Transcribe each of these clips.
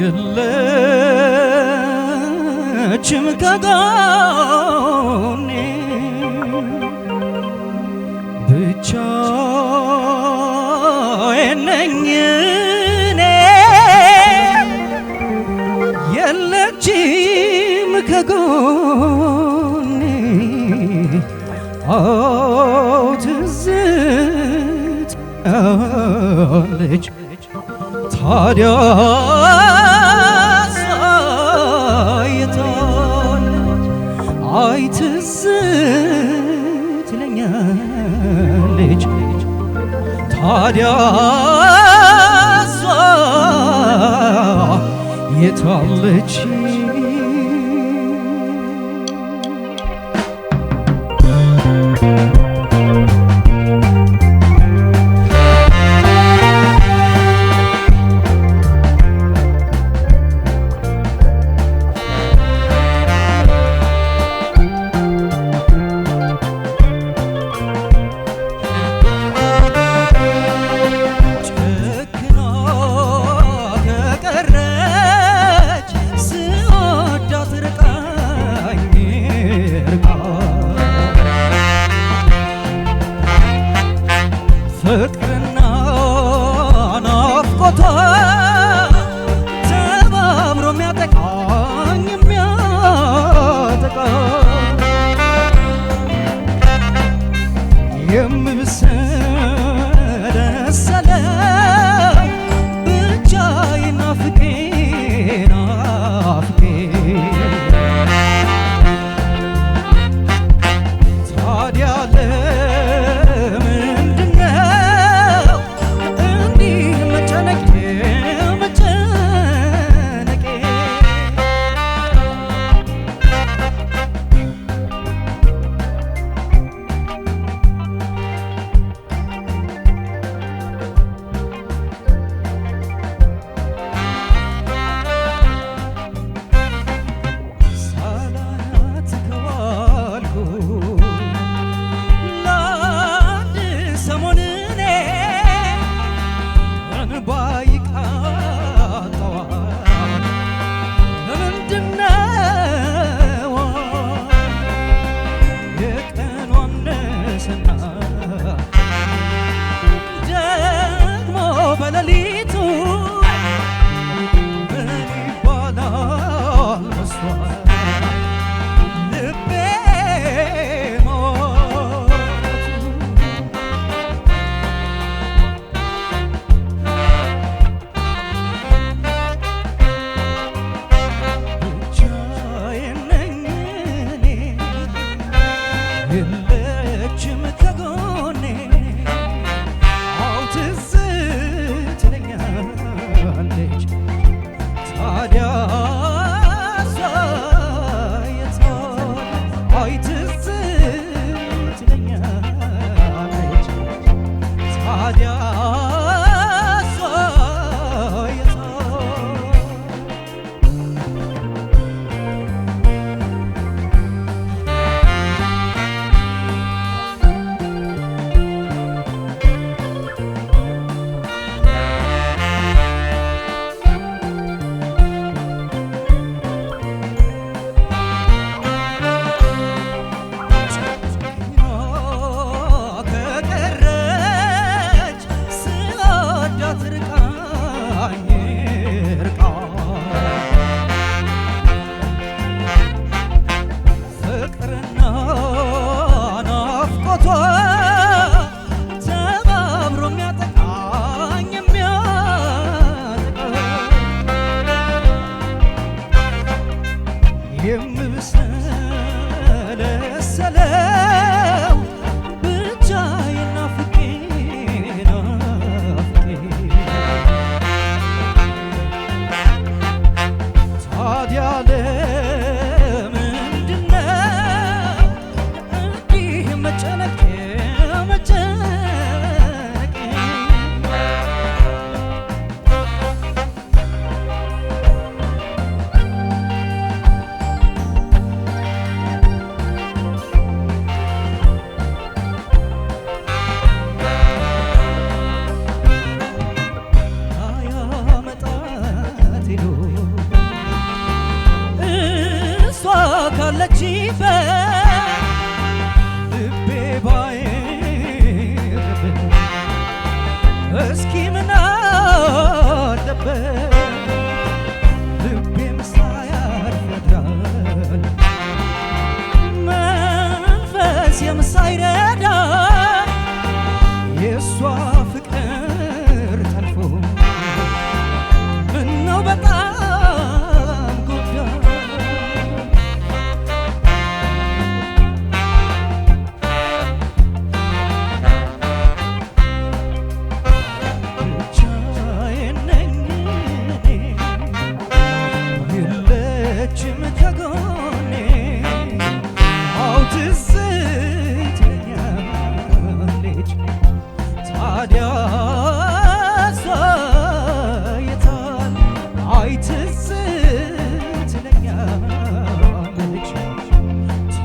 የለችም ከጎኔ ብቻዬን ነኝ እኔ የለችም ከጎኔ ትዝት አለች ታዲያ Hala yet alçı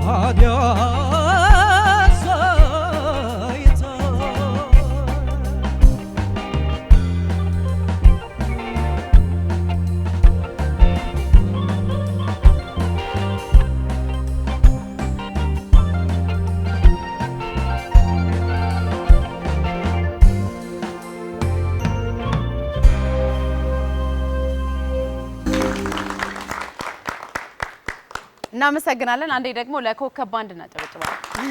花掉。እናመሰግናለን። አንዴ ደግሞ ለኮከብ ባንድ እናጨበጭባለን።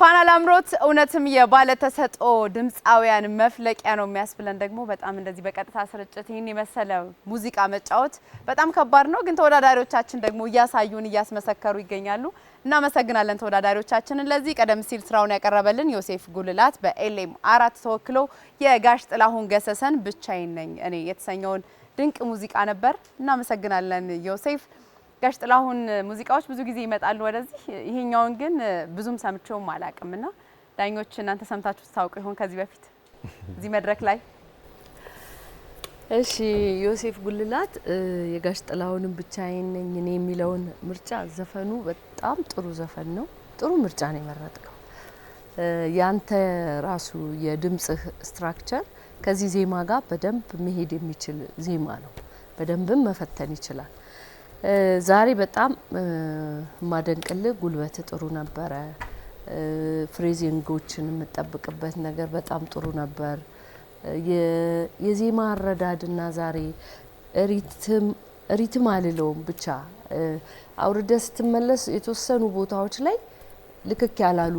ፋና ላምሮት እውነትም የባለ ተሰጥኦ ድምፃውያን መፍለቂያ ነው የሚያስብለን ደግሞ በጣም እንደዚህ በቀጥታ ስርጭት ይህን የመሰለ ሙዚቃ መጫወት በጣም ከባድ ነው፣ ግን ተወዳዳሪዎቻችን ደግሞ እያሳዩን እያስመሰከሩ ይገኛሉ። እናመሰግናለን ተወዳዳሪዎቻችንን። ለዚህ ቀደም ሲል ስራውን ያቀረበልን ዮሴፍ ጉልላት በኤልኤም አራት ተወክሎ የጋሽ ጥላሁን ገሰሰን ብቻዬን ነኝ እኔ የተሰኘውን ድንቅ ሙዚቃ ነበር። እናመሰግናለን ዮሴፍ። ጋሽ ጥላሁን ሙዚቃዎች ብዙ ጊዜ ይመጣሉ ወደዚህ፣ ይሄኛውን ግን ብዙም ሰምቼውም አላቅም ዳኞች እናንተ ሰምታችሁ ታውቁ ይሆን ከዚህ በፊት እዚህ መድረክ ላይ? እሺ ዮሴፍ ጉልላት የጋሽ ጥላሁንን ብቻዬን ነኝ እኔ የሚለውን ምርጫ ዘፈኑ በጣም ጥሩ ዘፈን ነው። ጥሩ ምርጫ ነው የመረጥከው። ያንተ ራሱ የድምጽህ ስትራክቸር ከዚህ ዜማ ጋር በደንብ መሄድ የሚችል ዜማ ነው። በደንብም መፈተን ይችላል። ዛሬ በጣም ማደንቅል ጉልበት ጥሩ ነበረ። ፍሬዚንጎችን የምጠብቅበት ነገር በጣም ጥሩ ነበር። የዜማ አረዳድና ዛሬ ሪትም አልለውም ብቻ አውርደ ስትመለስ የተወሰኑ ቦታዎች ላይ ልክክ ያላሉ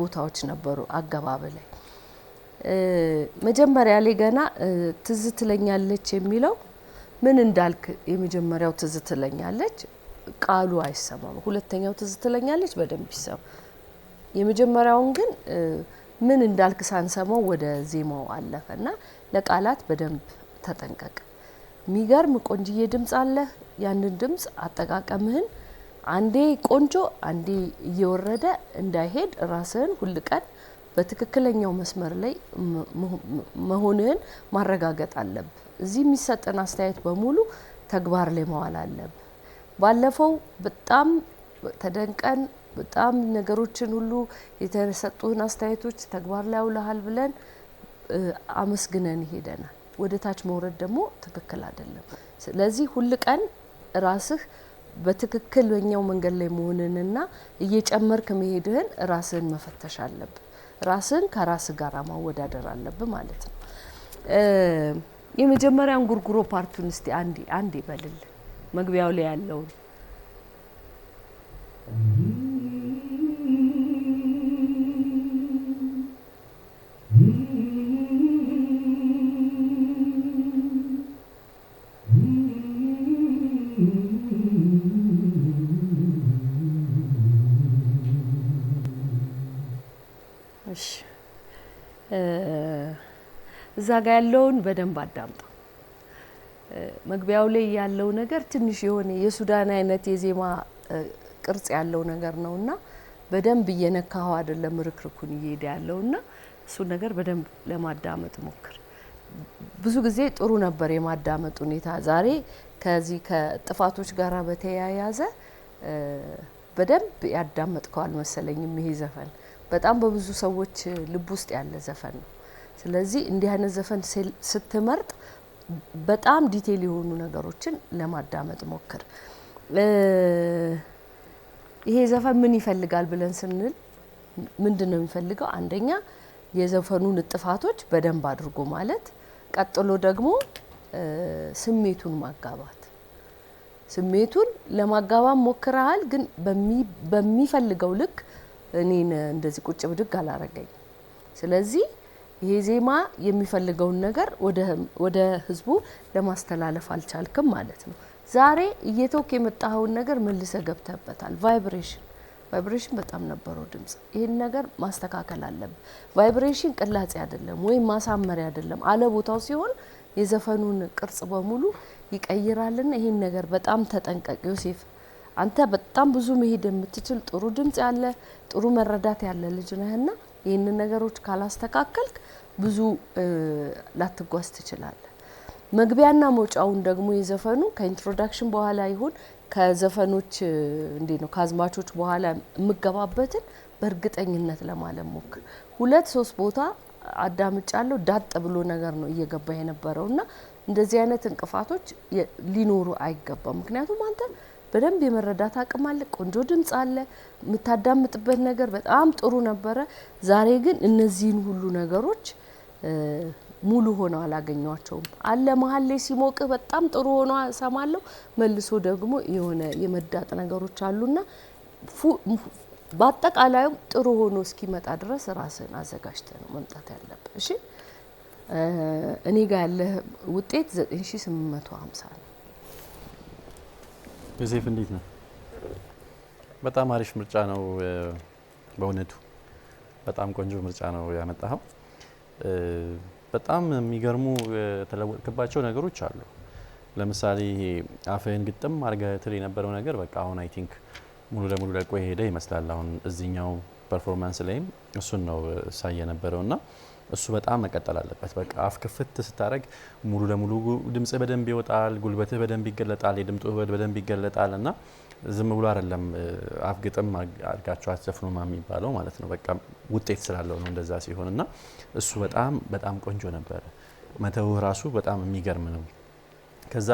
ቦታዎች ነበሩ አገባብ ላይ መጀመሪያ ላይ ገና ትዝ ትለኛለች የሚለው ምን እንዳልክ የመጀመሪያው ትዝ ትለኛለች ቃሉ አይሰማም። ሁለተኛው ትዝ ትለኛለች በደንብ ይሰማ። የመጀመሪያውን ግን ምን እንዳልክ ሳንሰማው ወደ ዜማው አለፈ እና ለቃላት በደንብ ተጠንቀቅ። የሚገርም ቆንጅዬ ድምፅ አለህ። ያንን ድምፅ አጠቃቀምህን አንዴ ቆንጆ አንዴ እየወረደ እንዳይሄድ ራስህን ሁልቀን ቀን በትክክለኛው መስመር ላይ መሆንህን ማረጋገጥ አለብ። እዚህ የሚሰጠን አስተያየት በሙሉ ተግባር ላይ መዋል አለብ። ባለፈው በጣም ተደንቀን በጣም ነገሮችን ሁሉ የተሰጡህን አስተያየቶች ተግባር ላይ አውለሃል ብለን አመስግነን ይሄደናል። ወደ ታች መውረድ ደግሞ ትክክል አይደለም። ስለዚህ ሁል ቀን ራስህ በትክክለኛው መንገድ ላይ መሆንንና እየጨመርክ መሄድህን ራስህን መፈተሽ አለብን። ራስን ከራስ ጋር ማወዳደር አለብን ማለት ነው። የመጀመሪያውን ጉርጉሮ ፓርቱን እስቲ አንዴ አንዴ በልል መግቢያው ላይ ያለውን እዛ ጋር ያለውን በደንብ አዳምጡ። መግቢያው ላይ ያለው ነገር ትንሽ የሆነ የሱዳን አይነት የዜማ ቅርጽ ያለው ነገር ነውና በደንብ እየነካኸው አይደለም ርክርኩን እየሄደ ያለውና እሱን ነገር በደንብ ለማዳመጥ ሞክር። ብዙ ጊዜ ጥሩ ነበር የማዳመጥ ሁኔታ። ዛሬ ከዚህ ከጥፋቶች ጋር በተያያዘ በደንብ ያዳመጥከው አልመሰለኝም። ይሄ ዘፈን በጣም በብዙ ሰዎች ልብ ውስጥ ያለ ዘፈን ነው። ስለዚህ እንዲህ አይነት ዘፈን ስትመርጥ በጣም ዲቴል የሆኑ ነገሮችን ለማዳመጥ ሞክር። ይሄ ዘፈን ምን ይፈልጋል ብለን ስንል ምንድን ነው የሚፈልገው? አንደኛ የዘፈኑ ንጥፋቶች በደንብ አድርጎ ማለት፣ ቀጥሎ ደግሞ ስሜቱን ማጋባት። ስሜቱን ለማጋባት ሞክረሃል፣ ግን በሚፈልገው ልክ እኔን እንደዚህ ቁጭ ብድግ አላረገኝ። ስለዚህ ይሄ ዜማ የሚፈልገውን ነገር ወደ ህዝቡ ለማስተላለፍ አልቻልክም ማለት ነው። ዛሬ እየተውክ የመጣኸውን ነገር መልሰ ገብተበታል። ቫይብሬሽን ቫይብሬሽን በጣም ነበረው ድምጽ። ይህን ነገር ማስተካከል አለብን። ቫይብሬሽን ቅላጼ አይደለም ወይም ማሳመሪያ አይደለም አለ ቦታው ሲሆን የዘፈኑን ቅርጽ በሙሉ ይቀይራልና ይህን ነገር በጣም ተጠንቀቅ ዮሴፍ። አንተ በጣም ብዙ መሄድ የምትችል ጥሩ ድምጽ ያለ ጥሩ መረዳት ያለ ልጅ ነህና ይህንን ነገሮች ካላስተካከልክ ብዙ ላትጓዝ ትችላለ። መግቢያና መውጫውን ደግሞ የዘፈኑ ከኢንትሮዳክሽን በኋላ ይሁን ከዘፈኖች እንዴ ነው ከአዝማቾች በኋላ የምገባበትን በእርግጠኝነት ለማለት ሞክር። ሁለት ሶስት ቦታ አዳምጫለሁ። ዳጥ ብሎ ነገር ነው እየገባ የነበረው እና እንደዚህ አይነት እንቅፋቶች ሊኖሩ አይገባም። ምክንያቱም አንተ በደንብ የመረዳት አቅም አለ። ቆንጆ ድምጽ አለ። የምታዳምጥበት ነገር በጣም ጥሩ ነበረ። ዛሬ ግን እነዚህን ሁሉ ነገሮች ሙሉ ሆነው አላገኟቸውም። አለ መሀል ላይ ሲሞቅህ በጣም ጥሩ ሆኖ ሰማለሁ፣ መልሶ ደግሞ የሆነ የመዳጥ ነገሮች አሉና በአጠቃላዩም ጥሩ ሆኖ እስኪመጣ ድረስ ራስን አዘጋጅተ ነው መምጣት ያለብህ። እሺ እኔ ጋር ያለ ውጤት 9850 ነው። ዮሴፍ እንዴት ነው? በጣም አሪፍ ምርጫ ነው። በእውነቱ በጣም ቆንጆ ምርጫ ነው ያመጣኸው። በጣም የሚገርሙ የተለወጥክባቸው ነገሮች አሉ። ለምሳሌ ይሄ አፍህን ግጥም አድርገህ ትል የነበረው ነገር በቃ አሁን አይ ቲንክ ሙሉ ለሙሉ ለቆ የሄደ ይመስላል። አሁን እዚኛው ፐርፎርማንስ ላይም እሱን ነው ሳየ ነበረው እና እሱ በጣም መቀጠል አለበት። በቃ አፍ ክፍት ስታደረግ ሙሉ ለሙሉ ድምጽህ በደንብ ይወጣል፣ ጉልበትህ በደንብ ይገለጣል፣ የድምጡ ውበት በደንብ ይገለጣል እና ዝም ብሎ አይደለም አፍ ግጥም አድርጋቸው ማ የሚባለው ማለት ነው። በቃ ውጤት ስላለው ነው እንደዛ ሲሆን እና እሱ በጣም በጣም ቆንጆ ነበረ። መተውህ ራሱ በጣም የሚገርም ነው። ከዛ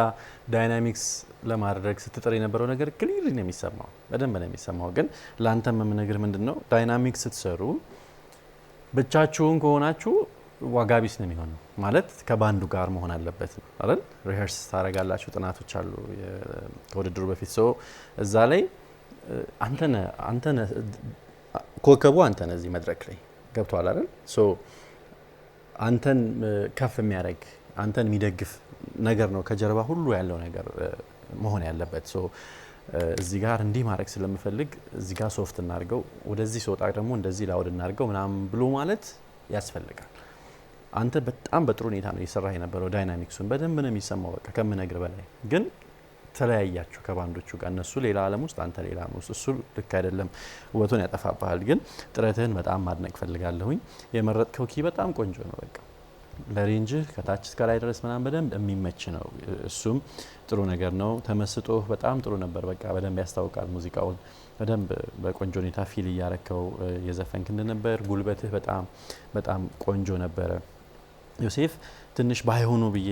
ዳይናሚክስ ለማድረግ ስትጥር የነበረው ነገር ክሊር ነው የሚሰማው፣ በደንብ ነው የሚሰማው። ግን ለአንተም የምነግርህ ምንድን ነው ዳይናሚክስ ስትሰሩ ብቻችሁን ከሆናችሁ ዋጋ ቢስ ነው የሚሆነው። ማለት ከባንዱ ጋር መሆን አለበት አይደል? ሪሄርስ ታደርጋላችሁ። ጥናቶች አሉ ከውድድሩ በፊት ሰው እዛ ላይ አንተነ አንተነ ኮከቡ አንተነ እዚህ መድረክ ላይ ገብቷል አይደል? ሶ አንተን ከፍ የሚያደርግ አንተን የሚደግፍ ነገር ነው ከጀርባ ሁሉ ያለው ነገር መሆን ያለበት ሶ እዚህ ጋር እንዲህ ማድረግ ስለምፈልግ እዚህ ጋር ሶፍት እናድርገው፣ ወደዚህ ስወጣ ደግሞ እንደዚህ ላውድ እናድርገው ምናምን ብሎ ማለት ያስፈልጋል። አንተ በጣም በጥሩ ሁኔታ ነው እየሰራ የነበረው። ዳይናሚክሱን በደንብ ነው የሚሰማው፣ በቃ ከምነግር በላይ ግን ተለያያችሁ ከባንዶቹ ጋር። እነሱ ሌላ ዓለም ውስጥ፣ አንተ ሌላ ዓለም ውስጥ። እሱ ልክ አይደለም፣ ውበቱን ያጠፋብሃል። ግን ጥረትህን በጣም ማድነቅ ፈልጋለሁኝ። የመረጥከው ኪ በጣም ቆንጆ ነው በቃ ለሬንጅህ ከታች እስከ ላይ ድረስ ምናምን በደንብ የሚመች ነው። እሱም ጥሩ ነገር ነው። ተመስጦ በጣም ጥሩ ነበር። በቃ በደንብ ያስታውቃል ሙዚቃውን በደንብ በቆንጆ ሁኔታ ፊል እያረከው የዘፈንክ እንደነበር ጉልበትህ በጣም በጣም ቆንጆ ነበረ። ዮሴፍ ትንሽ ባይሆኑ ብዬ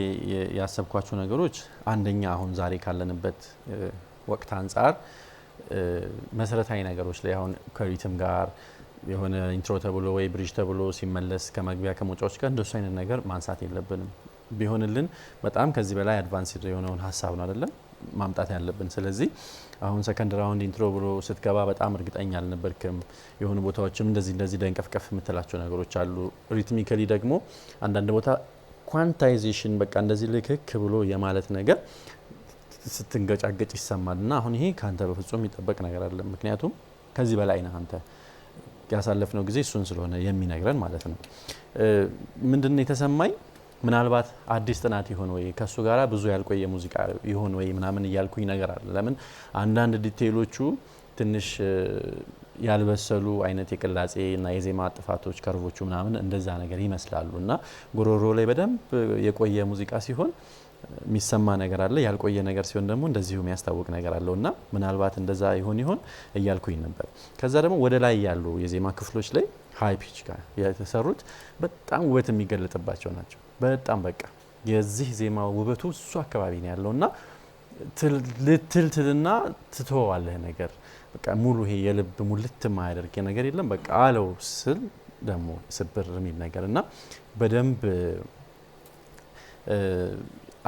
ያሰብኳቸው ነገሮች አንደኛ አሁን ዛሬ ካለንበት ወቅት አንጻር መሰረታዊ ነገሮች ላይ አሁን ከሪትም ጋር የሆነ ኢንትሮ ተብሎ ወይ ብሪጅ ተብሎ ሲመለስ ከመግቢያ ከመውጫዎች ጋር እንደሱ አይነት ነገር ማንሳት የለብንም። ቢሆንልን በጣም ከዚህ በላይ አድቫንስ የሆነውን ሀሳብ ነው አይደለም ማምጣት ያለብን። ስለዚህ አሁን ሰከንድ ራውንድ ኢንትሮ ብሎ ስትገባ በጣም እርግጠኛ አልነበርክም። የሆኑ ቦታዎችም እንደዚህ እንደዚህ ደንቀፍቀፍ የምትላቸው ነገሮች አሉ። ሪትሚካሊ ደግሞ አንዳንድ ቦታ ኳንታይዜሽን በቃ እንደዚህ ልክክ ብሎ የማለት ነገር ስትንገጫገጭ ይሰማል። እና አሁን ይሄ ከአንተ በፍጹም የሚጠበቅ ነገር አለ። ምክንያቱም ከዚህ በላይ ነህ አንተ ያሳለፍነው ጊዜ እሱን ስለሆነ የሚነግረን ማለት ነው። ምንድን የተሰማኝ ምናልባት አዲስ ጥናት ይሆን ወይ ከእሱ ጋር ብዙ ያልቆየ ሙዚቃ ይሆን ወይ ምናምን እያልኩኝ ነገር አለ። ለምን አንዳንድ ዲቴይሎቹ ትንሽ ያልበሰሉ አይነት የቅላጼ እና የዜማ ጥፋቶች ከርቮቹ ምናምን እንደዛ ነገር ይመስላሉ እና ጉሮሮ ላይ በደንብ የቆየ ሙዚቃ ሲሆን የሚሰማ ነገር አለ። ያልቆየ ነገር ሲሆን ደግሞ እንደዚሁ የሚያስታውቅ ነገር አለው እና ምናልባት እንደዛ ይሆን ይሆን እያልኩኝ ነበር። ከዛ ደግሞ ወደ ላይ ያሉ የዜማ ክፍሎች ላይ ሀይ ፒች ጋር የተሰሩት በጣም ውበት የሚገለጥባቸው ናቸው። በጣም በቃ የዚህ ዜማ ውበቱ እሱ አካባቢ ነው ያለው እና ትልትልና ትተዋለህ ነገር በቃ ሙሉ ይሄ የልብ ሙልት ማያደርግ ነገር የለም። በቃ አለው ስል ደግሞ ስብር የሚል ነገር እና በደንብ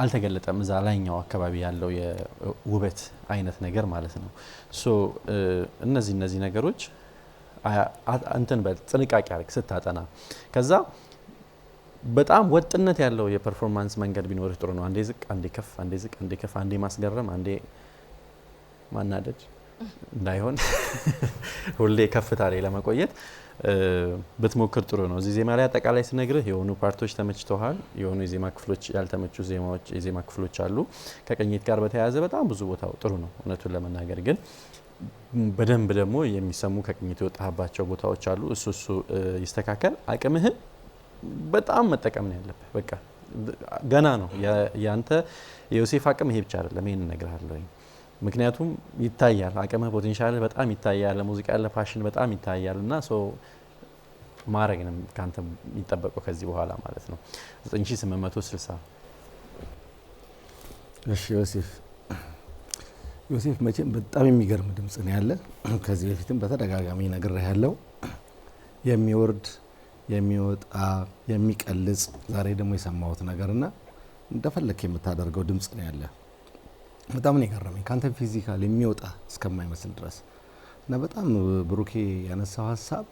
አልተገለጠም። እዛ ላይኛው አካባቢ ያለው የውበት አይነት ነገር ማለት ነው። ሶ እነዚህ እነዚህ ነገሮች እንትን በጥንቃቄ አድርግ ስታጠና። ከዛ በጣም ወጥነት ያለው የፐርፎርማንስ መንገድ ቢኖርህ ጥሩ ነው። አንዴ ዝቅ፣ አንዴ ከፍ፣ አንዴ ዝቅ፣ አንዴ ከፍ፣ አንዴ ማስገረም፣ አንዴ ማናደድ እንዳይሆን ሁሌ ከፍታ ላይ ለመቆየት ብትሞክር ጥሩ ነው። እዚህ ዜማ ላይ አጠቃላይ ስነግርህ የሆኑ ፓርቶች ተመችተዋል፣ የሆኑ የዜማ ክፍሎች ያልተመቹ ዜማዎች የዜማ ክፍሎች አሉ። ከቅኝት ጋር በተያያዘ በጣም ብዙ ቦታው ጥሩ ነው እውነቱን ለመናገር ግን በደንብ ደግሞ የሚሰሙ ከቅኝት የወጣባቸው ቦታዎች አሉ። እሱ እሱ ይስተካከል። አቅምህን በጣም መጠቀም ነው ያለብህ። በቃ ገና ነው ያንተ የዮሴፍ አቅም ይሄ ብቻ አይደለም። ይህን እነግርሃለሁ። ምክንያቱም ይታያል፣ አቅምህ ፖቴንሻል በጣም ይታያል፣ ሙዚቃ ያለ በጣም ይታያል እና ማድረግ ነው ከአንተ የሚጠበቀው ከዚህ በኋላ ማለት ነው። 9860 እሺ ዮሴፍ ዮሴፍ መቼም በጣም የሚገርም ድምጽ ነው ያለ። ከዚህ በፊትም በተደጋጋሚ ነግር ያለው የሚወርድ የሚወጣ የሚቀልጽ ዛሬ ደግሞ የሰማሁት ነገርና እንደፈለክ የምታደርገው ድምጽ ነው ያለ በጣም ነው የገረመኝ ከአንተ ፊዚካል የሚወጣ እስከማይመስል ድረስ እና በጣም ብሩኬ ያነሳው ሀሳብ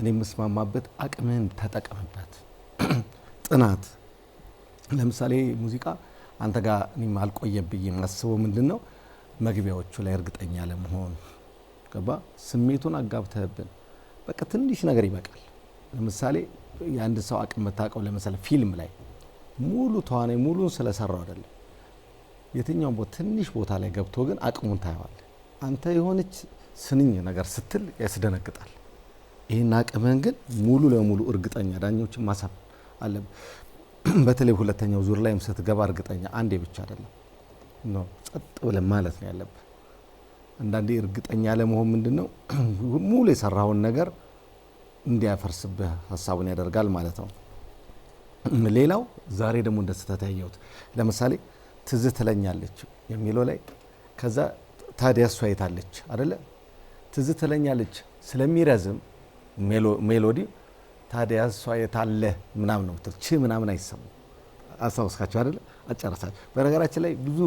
እኔ የምስማማበት አቅምህን ተጠቀምበት። ጥናት ለምሳሌ ሙዚቃ አንተ ጋር እኔም አልቆየብኝ የማስበው ምንድን ነው መግቢያዎቹ ላይ እርግጠኛ ለመሆን ገባ ስሜቱን አጋብተህብን በቃ ትንሽ ነገር ይበቃል። ለምሳሌ የአንድ ሰው አቅም የምታውቀው ለምሳሌ ፊልም ላይ ሙሉ ተዋናይ ሙሉን ስለሰራው አይደለም የትኛውም ትንሽ ቦታ ላይ ገብቶ ግን አቅሙን ታየዋል። አንተ የሆነች ስንኝ ነገር ስትል ያስደነግጣል። ይህን አቅምህን ግን ሙሉ ለሙሉ እርግጠኛ ዳኞችን ማሳብ አለ። በተለይ ሁለተኛው ዙር ላይም ስትገባ እርግጠኛ አንዴ ብቻ አይደለም ጸጥ ብለን ማለት ነው ያለብህ። አንዳንዴ እርግጠኛ ለመሆን ምንድን ነው ሙሉ የሰራውን ነገር እንዲያፈርስብህ ሀሳቡን ያደርጋል ማለት ነው። ሌላው ዛሬ ደግሞ እንደ ስህተት ያየሁት ለምሳሌ ትዝ ትለኛለች የሚለው ላይ ከዛ ታዲያ እሷ የታለች አደለ ትዝ ትለኛለች ስለሚረዝም ሜሎዲ ታዲያ እሷ የታለ ምናምን ነው ች ምናምን አይሰሙ አስታውስካቸው አደለ አጨረሳቸው በነገራችን ላይ ብዙ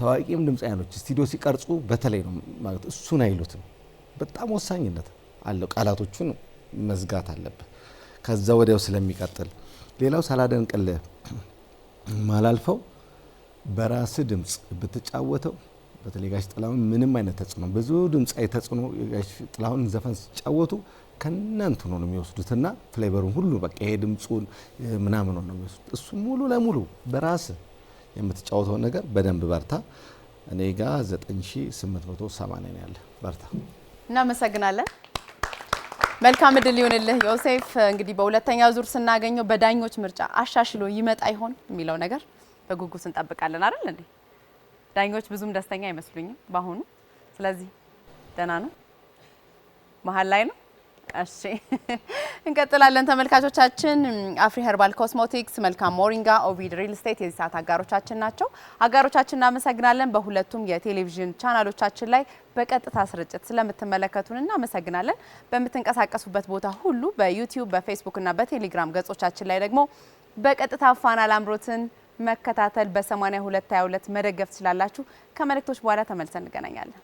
ታዋቂም ድምፃያኖች ስቱዲዮ ሲቀርጹ በተለይ ነው ማለት እሱን አይሉትም በጣም ወሳኝነት አለው ቃላቶቹን መዝጋት አለብህ ከዛ ወዲያው ስለሚቀጥል ሌላው ሳላደንቅልህ ማላልፈው በራስ ድምፅ ብትጫወተው በተለይ ጋሽ ጥላሁን ምንም አይነት ተጽዕኖ ብዙ ድምፃዊ ተጽዕኖ ጋሽ ጥላሁን ዘፈን ሲጫወቱ ከእናንት ነው የሚወስዱትና ፍሌቨሩን ሁሉ በቃ ይሄ ድምፁን ምናምን ነው የሚወስዱት። እሱ ሙሉ ለሙሉ በራስ የምትጫወተው ነገር በደንብ በርታ። እኔ ጋ 9880 ነው ያለ። በርታ። እናመሰግናለን። መልካም እድል ይሁንልህ ዮሴፍ። እንግዲህ በሁለተኛ ዙር ስናገኘው በዳኞች ምርጫ አሻሽሎ ይመጣ ይሆን የሚለው ነገር በጉጉት እንጠብቃለን አይደል እንዴ? ዳኞች ብዙም ደስተኛ አይመስሉኝም በአሁኑ። ስለዚህ ደህና ነው፣ መሀል ላይ ነው። እሺ እንቀጥላለን። ተመልካቾቻችን አፍሪ ሄርባል ኮስሞቲክስ፣ መልካም ሞሪንጋ፣ ኦቪድ ሪል ስቴት የዚህ ሰዓት አጋሮቻችን ናቸው። አጋሮቻችን እናመሰግናለን። በሁለቱም የቴሌቪዥን ቻናሎቻችን ላይ በቀጥታ ስርጭት ስለምትመለከቱን እናመሰግናለን። በምትንቀሳቀሱበት ቦታ ሁሉ በዩቲዩብ፣ በፌስቡክ እና በቴሌግራም ገጾቻችን ላይ ደግሞ በቀጥታ ፋና ላምሮትን መከታተል፣ በ8222 መደገፍ ትችላላችሁ። ከመልእክቶች በኋላ ተመልሰን እንገናኛለን።